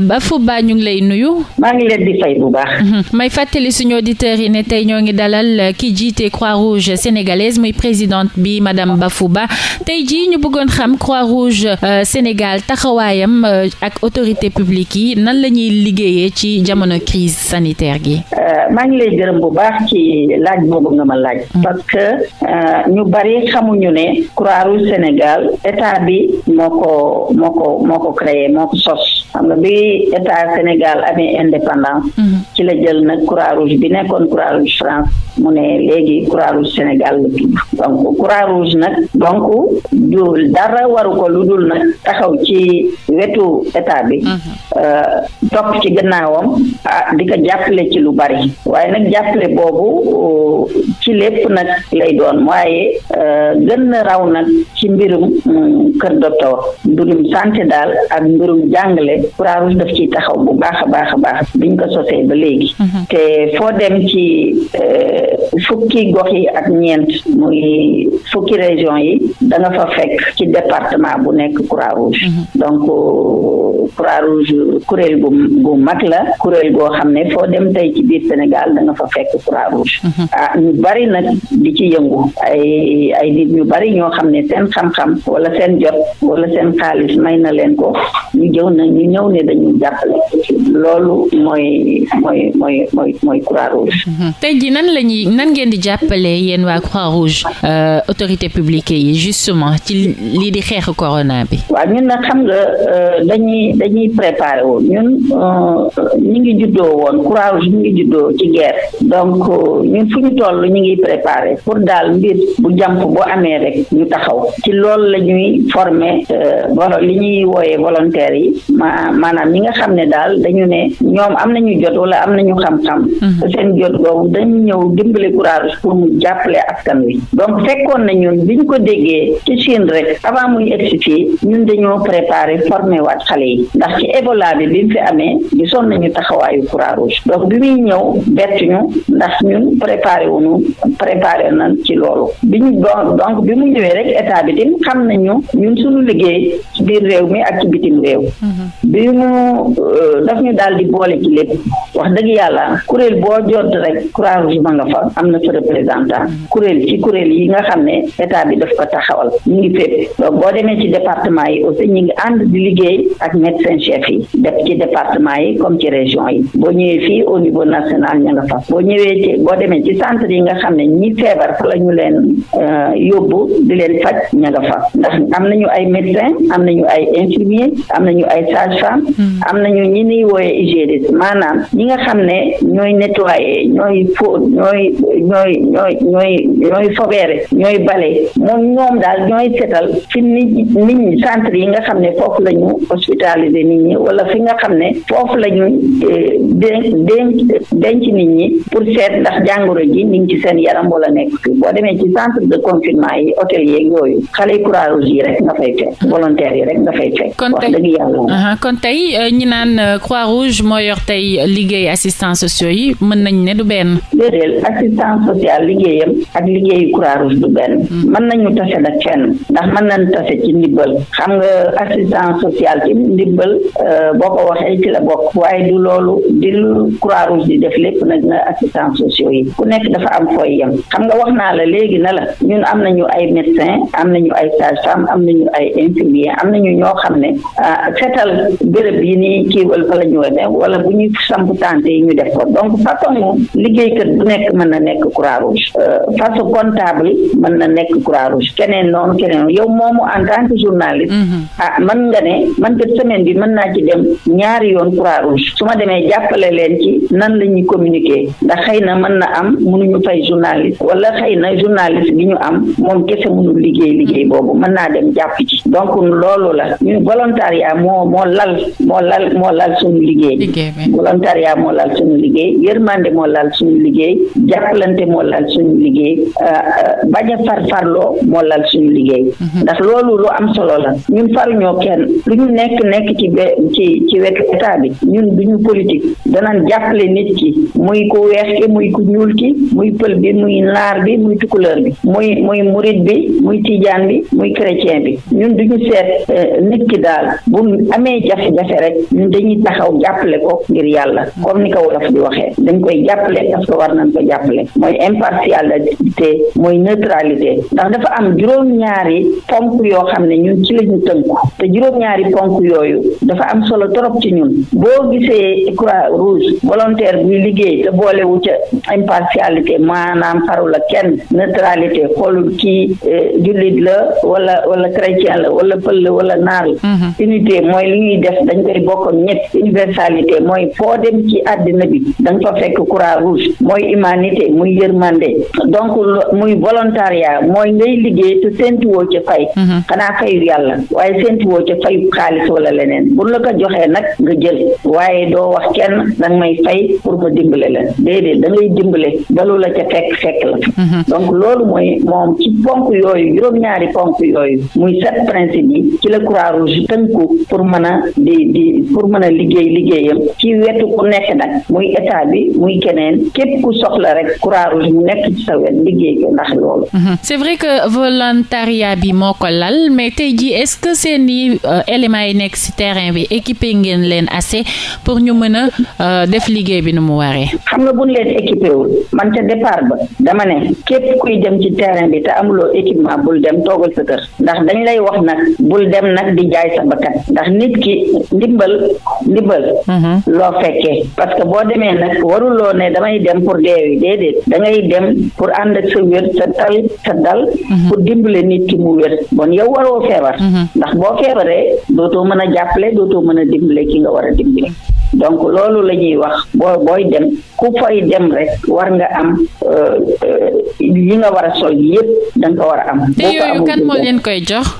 Bafouba ñu ngi lay nuyu. maa ngi leen di fay bu baax. Mhm. may fàttali suñu auditeurs yi ne tey ñoo ngi dalal euh, ki jiite Croix-Rouge sénégalaise muy présidente bi madame Bafouba tey jii ñu bëggoon xam Croix-Rouge euh, Sénégal taxawaayam euh, ak autorité publique yi nan la ñuy liggéeyee ci jamono crise sanitaire gi. maa ngi lay gërëm bu baax ci laaj boobu nga ma laaj. Mhm. parce que ñu bari xamuñu ne Croix-Rouge Sénégal état bi moo ko moo ko moo ko créé moo ko sos xam nga bi bi état Sénégal amee indépendance. Mhm. ci la jël nag Croix-Rouge bi nekkoon Croix-Rouge France mu ne léegi Croix-Rouge Sénégal la tudd donc Croix-Rouge nag donc du dara waru ko lu dul nag taxaw ci wetu état bi. Mhm. Euh, topp ci gannaawam ah di ko jàppale ci lu bari waaye nag jàppale boobu euh, ci lépp nag lay doon waaye euh, gën na raw nag ci mbirum mm, kër docteur mbirum santé daal ak mbirum jàngale croix ICOS daf taxaw bu baax a baax a baax biñ ko sosee ba léegi. Mhm. te foo dem ci euh, fukki gox yi ak ñeent muy fukki région yi da fa fekk ci departement bu nekk Croix-Rouge. Mhm. donc euh, Croix-Rouge kuréel mag la kuréel goo xam ne foo dem tey ci biir Sénégal da nga fekk Croix-Rouge. Mhm. ah ñu bari nag di ci yëngu ay ay nit ñu bari ñoo xam ne seen xam-xam wala seen jot wala seen xaalis may na leen ko ñu jëw na ñëw ne dañu ñu loolu mooy mooy mooy mooy mooy croix rouge. Mhm. tey jii nan la ñuy nan ngeen di jàppale yéen waa croix rouge euh, autorité publique yi justement ci lii di xeexu corona bi. waaw ñun nag xam nga euh, dañuy dañuy préparé woon ñun euh, ñu ngi juddoo woon croix rouge ñu ngi juddoo ci guerre donc ñun fu ñu toll ñu ngi préparé pour daal mbir bu jàmp bu amee rek ñu taxaw ci loolu la ñuy li ñuy wooyee volontaires yi ma maanaam ñi nga xam ne daal dañu ne ñoom am nañu jot wala am na nañu xam-xam. Mhm. seen jot boobu dañu ñëw dimbali courage pour mu jàppale askan wi donc fekkoon na ñun biñ ko déggee ci Chine rek avant mu egsi ñun dañoo préparé formé waat xale yi ndax ci Ebola bi bi mu fi amee gisoon nañu taxawaayu Croix Rouge donc bi muy ñëw bett ñu ndax ñun préparé wuñu préparé na ci loolu bi ñu donc bi mu ñëwee rek état bi tam xam nañu ñun suñu liggéey biir réew mi ak ci réew mhm. ñu euh, daf ñu daal di boole ci lépp wax dëgg yàlla kuréel boo jot rek croix rouge ma nga fa am na sa représentant kuréel ci kuréel yi nga xam ne état bi daf ko taxawal ñu ngi fépp boo demee ci département yi aussi ñu ngi ànd di liggéey ak médecin chef yi def ci département yi comme ci région yi boo ñëwee fii au niveau national ña nga fa boo ñëwee ci boo demee ci centre yi nga xam ne ñi feebar fa la ñu leen euh, yóbbu di leen faj ña fa ndax am nañu ay médecin am nañu ay infirmier am nañu ay sage-femme hmm. am nañu ñu niy wooyee hygiéniste maanaam ñi nga xam ne ñooy nettoyer ñooy fóot ñooy ñooy ñooy ñooy ñooy fobeere ñooy bale moom ñoom daal ñooy setal fi nit nit ñi centre yi nga xam ne foofu la ñu hospitalisé nit ñi wala fi nga xam ne foofu la ñu eh, denc denc nit ñi pour seet ndax jàngoro ji ni ngi ci seen yaram wala nekk boo demee ci centre de confinement yi hôtel yeeg yooyu xale yi Croix-Rouge yi rek nga fay fekk volontaires yi rek nga fay fekk wax dëgg yàlla uh-huh. kon tey ñi naan euh, croix rouge moo yor tey liggéey assistants sociaux yi mën nañ ne du benn. déedéet assistance sociale liggéeyam ak liggéeyu croix rouge du benn. Hmm. mën nañu tase nag kenn ndax mën nañu tase ci ndimbal xam nga assistance sociale ci ndimbal euh, boo ko waxee ci la bokk waaye du loolu di lu croix rouge di def lépp nag na assistance sociaux yi ku nekk dafa am fooy yem xam nga wax naa la léegi na la ñun am nañu ay médecin am nañu ay sage am nañu ay infirmier am nañu ñoo xam ne euh, yi ni kiiwal fa la ñu war a def wala bu ñuy samp tante yi ñu def ko donc façon liggéeykat bu nekk mën na nekk croix rouge euh, façon comptable mën na nekk croix rouge keneen noonu keneen mm-hmm. ah, bi mën naa ci dem ñaari yoon croix rouge su ma demee jàppale leen ci la ñuy communiquer ndax xëy na mën na am mënuñu fay journaliste wala xëy na journaliste bi ñu am moom kese mm-hmm. loolu la ñu volontariat ah, moo moo lal moo lal moo lal suñu liggéey volontariat moo lal suñu liggéey yërmande moo lal suñu liggéey jàppalante moo lal suñu liggéey euh, bañ a farfarloo moo lal suñu liggéey mhm. ndax loolu lu am solo la ñun faruñoo kenn lu ñu nekk nekk ci be ci ci wetu état bi ñun duñu politique danañ jàppale nit ki muy ku weex ki muy ku ñuul ki muy pël bi muy naar bi muy tukuleur bi muy muy murit bi muy tiijaan bi muy chrétien bi ñun duñu seet euh, nit ki daal bu amee jafe-jafe rek ñun dañuy taxaw jàppale ko ngir yàlla comme ni ko wolof di waxee dañ koy jàppale parce que war nañ ko jàppale mooy impartialité mooy neutralité ndax dafa am juróom-ñaari ponk yoo xam ne ñun ci lañu tënku te juróom-ñaari ponk yooyu dafa am solo trop ci ñun boo gisee croix rouge volontaire buy liggéey te boolewu ca impartialité maanaam xaru la kenn neutralité xoolul ki eh, jullit la wala wala chrétien la wala pël la wala naar mm-hmm. unité mooy li ñuy def dañ koy ngay bokk ak ñett universalité mooy foo dem ci àddina bi da nga fa fekk croix rouge mooy humanité muy yërmande donc muy volontariat mooy ngay liggéey te séntuwoo ca fay mhm. xanaa fayu yàlla waaye séntuwoo ca fayu xaalis wala leneen bu la ko joxee nag nga jël waaye doo wax kenn danga may fay pour ma dimbale la déedéet da ngay dimbale balu la ca fekk fekk la mhm. donc loolu mooy moom ci ponk yooyu juróom-ñaari ponk yooyu muy sept principe yi ci la croix rouge tënku a ci pour mën a liggéey liggéeyam ci wetu ku nekk nag muy état bi muy keneen képp ku soxla rek Croix Rouge mu nekk ci sa wet liggéey ko ndax loolu. Mhm. c'est vrai que volontariat bi moo ko lal mais tey jii est-ce que seen i euh, éléments yi nekk ci terrain bi équipé ngeen leen assez pour ñu mën a euh, def liggéey bi nu mu waree. xam nga bu ñu leen équipé wul man ca départ ba dama ne képp kuy dem ci terrain bi te amuloo équipement bul dem toogal sa kër ndax dañ lay wax nag bul dem nag di ndimbal ndimbal mhm. loo fekkee parce que boo demee nag waruloo ne damay dem pour deewi déedéet da ngay dem pour ànd ak sa wér sa tal sa dal mhm. pour dimbale nit ki mu wér bon yow waroo feebar mhm. ndax boo feebaree dootoo mën a jàppale dootoo mën a dimbale ki nga war a dimbale donc loolu la ñuy wax boo booy dem ku fay dem rek war nga am li euh, euh, nga war a sol yëpp da ko war a am. boo koy jox.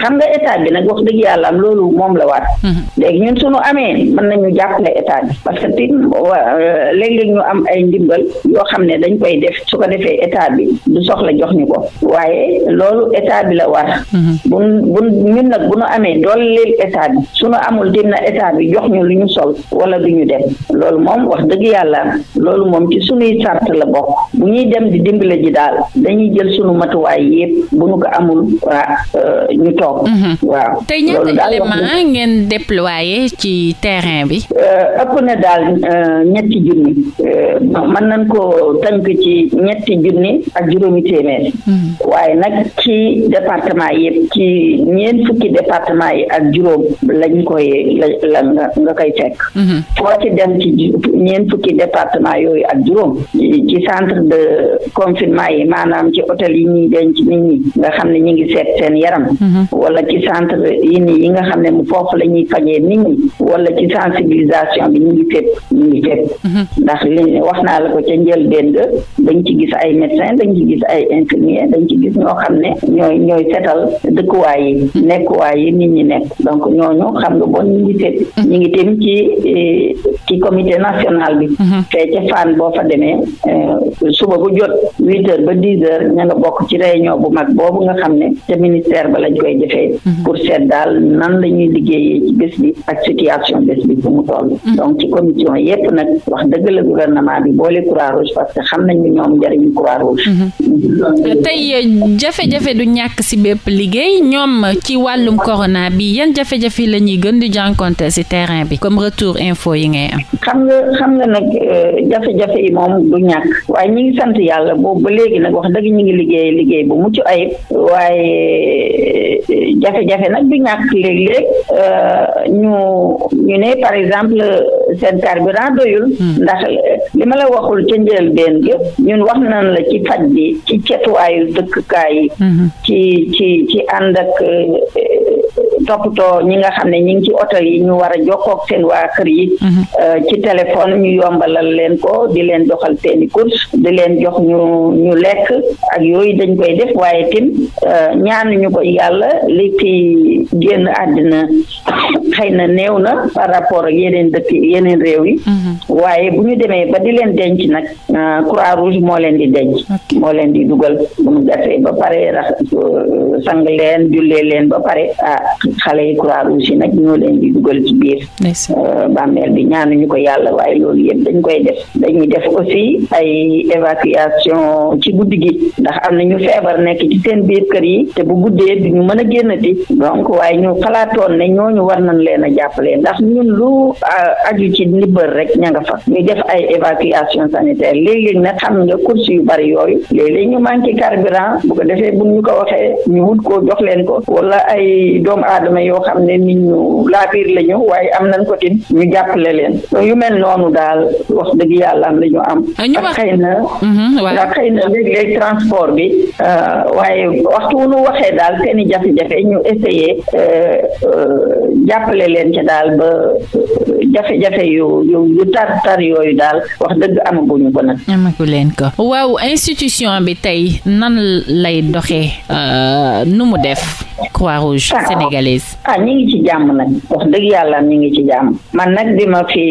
xam nga état bi nag wax dëgg yàlla loolu moom la war. Mhm. léegi ñun suñu amee ñu nañu jàppale état bi parce que tamit euh, léeg-léeg ñu am ay ndimbal yoo xam ne dañ koy def su ko defee état bi du soxla jox ñu ko waaye loolu état bi la war. bu mhm. bu ñun nag bu nu amee dooleel état bi su ñu amul dina état bi jox ñu lu ñu sol. wala du ñu dem loolu moom wax dëgg yàlla loolu moom ci sunuy sart la bokk bu ñuy dem di dimbale ji daal dañuy jël sunu matuwaay yépp bu nu ko amul waa euh, ñu toog mhm. waaw tey ñaata élément ngeen déployé ci terrain bi euh, ëpp na daal euh, ñetti junni man nañ ko tënk ci ñetti junni ak juróomi téeméer mhm. waaye nag ci département yépp ci ñeent fukki département yi ak juróom lañ koy la la nga koy fekk Mm-hmm. foo ci dem ci ñeent fukki département yooyu ak juróom ci centre de confinement yi maanaam ci hôtel yi ñuy denc nit ñi nga xam ne ñu ngi seet seen yaram mm-hmm. wala ci centre yi ni yi nga xam ne mu foofu la ñuy fajee nit ñi wala ci sensibilisation bi ñu ngi fépp ñu ngi fépp mm-hmm. ndax li wax naa la ko ca njëlbéen ga dañ ci gis ay médecin dañ ci gis ay infirmier dañ ci gis ñoo xam ne ñooy ñooy setal dëkkuwaay yi nekkuwaay yi nit ñi nekk donc ñooñu xam nga bon ñu ngi fépp ñu ngi tamit ci ci ci comité national bi. fee mhm. ca Fann boo fa demee eh, suba bu jot huit heures ba dix heures ña nga bokk ci réunion bu mag boobu nga xam ne te ministère ba lañ koy defee. Mhm. pour seet daal nan la ñuy liggéeyee ci bés bi ak situation bés bi bu mu toll. Mhm. donc ci commission yépp nag wax bi boole croix rouge parce que xam nañu ñoom njëriñu croix rouge. tey eh, jafe-jafe du ñàkk si bépp liggéey ñoom ci wàllum corona bi yan jafe-jafe la gën di jànkoonte si terrain bi comme retour retour info yi ngay am. xam nga xam nga nag eh, jafe-jafe yi moom du ñàkk waaye ñi ngi sant yàlla boobu ba léegi nag wax dëgg ñu ngi liggéey liggéey bu mucc ayib waaye eh, jafe-jafe nag du ñàkk léeg-léeg eh, ñu ñu ne par exemple seen carburant doyul hmm. ndax. li ma la waxul ca njëlbeen yëpp ñun wax nañ la ci faj bi ci cetuwaayu dëkkukaay yi mm-hmm. ci ci ci ànd ak euh, euh, toppatoo ñi nga xam ne ñi ngi ci oto yi ñu war a jokkook seen waa kër yi mm-hmm. euh, ci téléphone ñu yombalal leen ko di leen joxal seeni course di leen jox ñu ñu lekk ak yooyu dañ koy def waaye tim ñaanuñu ko yàlla li ci génn àddina xëy na néew na par rapport ak yeneen dëkk yeneen réew yi mm-hmm. waaye bu ñu demee ba di leen denc nag euh, croix rouge moo leen di denc moo leen di dugal bu ñu gasee ba pare rax euh, sang leen julee leen ba pare ah xale yi croix rouge yi nag ñoo leen di dugal ci biir euh, bàmmeel bi ñaanuñu ko yàlla waaye loolu yëpp dañ koy def dañuy def aussi ay évacuation ci guddi gi ndax am na ñu feebar nekk ci seen biir kër yi te bu guddee bi ñu mën a génn génnati donc waaye ñu xalaatoon ne ñooñu war nañ leen a jàpp leen ndax ñu lu aju ci ndimbal rek ña fa ñu def ay évacuation sanitaire léeg-léeg nag xam nga course yu bari yooyu léeg-léeg ñu manqué carburant bu ko defee bu ñu ko waxee ñu wut ko jox leen ko wala ay doomu aadama yoo xam ne nit ñu laa biir la ñu waaye am nañ ko tin ñu jàppale leen yu mel noonu daal wax dëgg yàlla am la ñu am ndax ah, xëy na mhm, ndax xëy na léeg-léeg transport bi euh, waaye waxtu wu nu waxee daal seen i jafe-jafe ñu essayer euh, euh, jàppale leen ci daal ba jafe-jafe yu yu tar tar yooyu daal wax dëgg amaguñu ko nag. amagu leen ko waaw institution bi tey nan lay doxee euh, nu mu def. Croix-Rouge ah, sénégalaise. ah ñu ngi ci jàmm nag wax dëgg yàlla ñu ngi ci jàmm man nag bi ma fi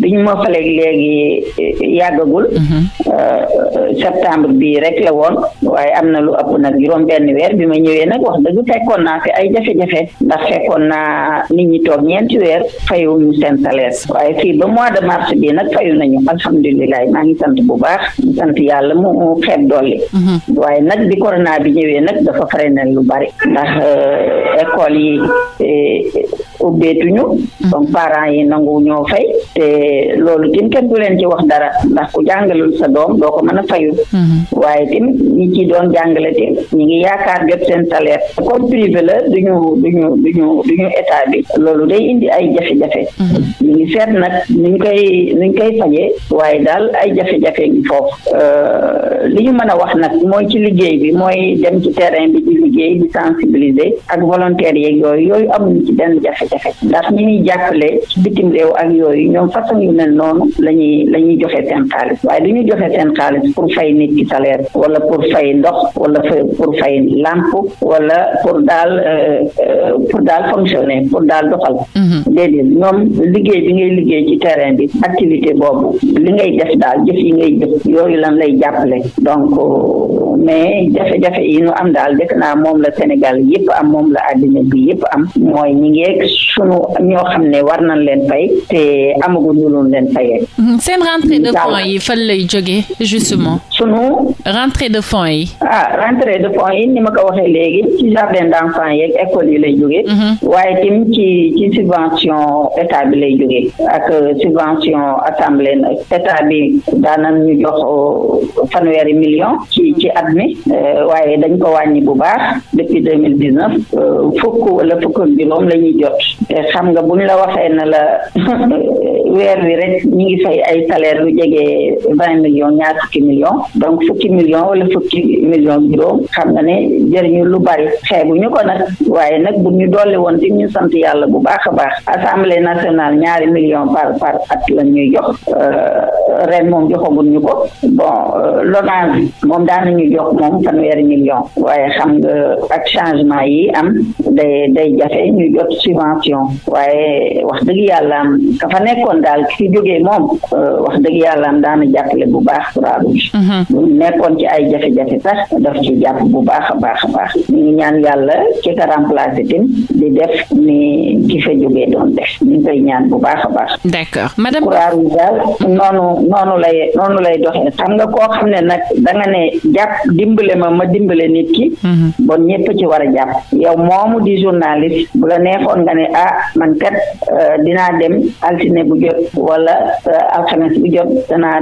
bi ñu ma faleeg léegi eh, yàggagul. Mhm. Euh, septembre bii rek la woon waaye am na lu ëpp nag juróom benn weer bi ma ñëwee nag wax dëgg fekkoon naa fi ay jafe-jafe ndax fekkoon naa nit ñi toog ñeenti weer fayuñu seen salaire waaye fii ba mois de mars bii nag fayu nañu alhamdulilah maa ngi sant bu baax sant yàlla mu xeeb dolli. Mhm. waaye nag bi corona bi ñëwee Euh, école yi ubbeetuñu mm-hmm. donc parents yi nangu ñoo fay te loolu tim kenn du leen ci wax dara ndax ku jàngalul sa doom doo ko mën a fayul mm-hmm. waaye tim ñi ci doon jàngale tim ñi ngi yaakaar jot seen salaire comme privé la duñu duñu duñu duñu état bi loolu day indi ay jafe-jafe mm-hmm. ñi ngi seet nag nuñ koy nuñ koy fajee waaye daal ay jafe-jafe ngi foofu euh, li ñu mën a wax nag mooy ci liggéey bi mooy dem ci terrain bi ci liggéey di sensibiliser ak volontaires yeeg yooyu yooyu amuñu ci benn jafe joxe ndax ni ñuy jàppale ci bitim réew ak yooyu ñoom façon yu mel noonu la ñuy la ñuy joxe seen xaalis waaye du ñu joxe seen xaalis pour fay nit ki salaire wala pour fay ndox wala pour fay làmp wala pour daal euh, pour daal fonctionner pour daal doxal mhm. déedéet ñoom liggéey bi ngay liggéey ci terrain bi activité boobu li ngay def daal jëf yi ngay jëf yooyu lan lay jàppale donc euh, mais jafe-jafe yi ñu am daal def naa moom la Sénégal yëpp am moom la àddina bi yëpp am mooy sunu ñoo xam ne war nañ leen fay te amaguñu lu leen fayee. Mm, seen rentrée de fonds yi fan lay jógee justement. sunu. rentrée de fonds yi. ah rentrée de fonds yi ni ma ko waxee léegi ci jardin d' enfant yeeg école yi lay jógee. Mm-hmm. waaye tim ci ci subvention état bi lay jógee ak euh, subvention assemblée état bi daanam ñu jox euh, fanweeri million ci ci at mi euh, waaye dañ ko wàññi bu baax depuis deux mille dix neuf fukk wala fukk ak juróom jot. te xam nga bu ñu la waxee na la weer wi rek ñu ngi fay ay salaire lu jege vingt millions ñaar fukki millions donc fukki millions wala fukki millions juróom xam nga ne jariñu lu bari xeebu ñu ko nag waaye nag bu ñu doole woon di ñu sant yàlla bu baax a baax assemblée nationale ñaari millions par par at la ñuy jox euh, ren moom joxaguñ ñu ko bon euh, lonage moom daanañu jox moom fanweeri millions waaye xam nga ak changement yi am day day jafe ñu jot suivant pension waaye wax dëgg yàlla ka fa nekkoon daal ki fi jógee moom euh, wax dëgg yàlla am daana jàppale bu baax Croix Rouge bu nekkoon ci ay jafe-jafe sax daf ci jàpp bu baax a baax a baax ñu ngi ñaan yàlla ki ka remplacé tim di def ni ki fa jógee doon def ñu ngi ñaan bu baax a baax d'accord madame Croix Rouge daal mhm. noonu noonu lay noonu lay doxee xam nga koo xam ne nag danga ne jàpp dimbale ma ma dimbale nit ki mhm. bon ñëpp ci war a jàpp yow moomu di journaliste bu la neexoon nga ne ne ah man kat euh, dinaa dem altine bu jot wala euh, alxames bu jot danaa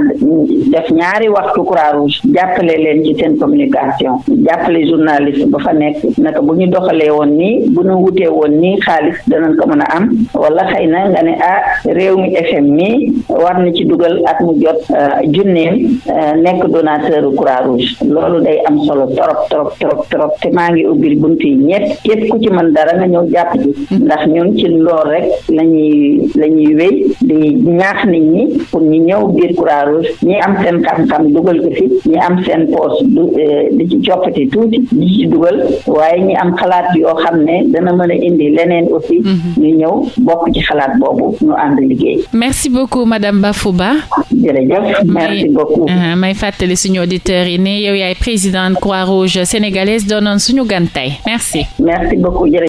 def ñaari waxtu Croix-Rouge jàppale leen ci seen communication jàppale journaliste ba fa nekk naka bu ñu doxalee woon nii bu ñu wutee woon nii xaalis danañ ko mën a am wala xëy na nga ne ah réew mi FM mi war na ci dugal at mu jot euh, junneem nekk donateur Croix-Rouge loolu day am solo trop trop trop trop te maa ngi ubbil buntu yi ñett képp ku ci mën dara nga ñëw jàpp ji ndax ñun ci lool rek la ñuy la ñuy wéy di ñaax nit ñi pour ñu ñëw biir Croix-Rouge ñi am seen xam-xam dugal ko fi ñi am seen poos du eh, di ci coppati tuuti di dugal waaye ñi am xalaat yoo xam ne dana mën indi leneen aussi mhm. ñu ñëw bokk ci xalaat boobu ñu ànd liggéey merci beaucoup madame Bafouba jërëjëf merci beaucoup uh-huh, may fàttali suñu auditeurs yi ne yow yaay présidente Croix-Rouge sénégalaise doonoon suñu gan merci merci beaucoup jërëjëf